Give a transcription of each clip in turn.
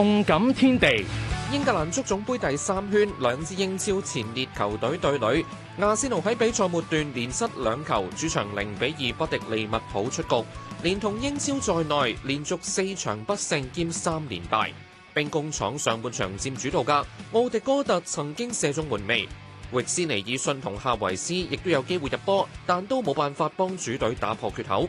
動感天地，英格蘭足總盃第三圈，兩支英超前列球隊對壘。阿仙奴喺比賽末段連失兩球，主場零比二不敵利物浦出局。連同英超在內，連續四場不勝兼三連敗，兵工廠上半場佔主導嘅。奧迪哥特曾經射中門楣，域斯尼爾遜同夏維斯亦都有機會入波，但都冇辦法幫主隊打破缺口。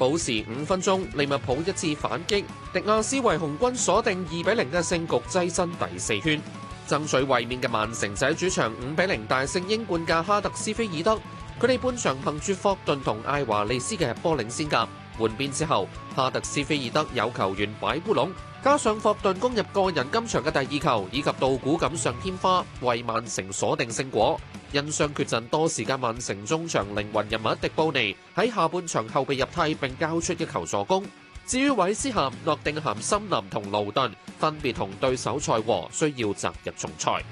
保時五分鐘，利物浦一次反擊，迪亞斯為紅軍鎖定二比零嘅勝局，躋身第四圈，爭取衛冕嘅曼城仔主場五比零大勝英冠嘅哈特斯菲爾德。佢哋半場憑住霍頓同艾華利斯嘅波領先，甲換邊之後，哈特斯菲爾德有球員擺烏龍，加上霍頓攻入個人今場嘅第二球，以及道古錦上添花，為曼城鎖定勝果。因傷缺陣多時間，曼城中場靈魂人物迪布尼喺下半場後備入替並交出一球助攻。至於韋斯咸、諾定咸、森林同勞頓分別同對手賽和，需要擇日重賽。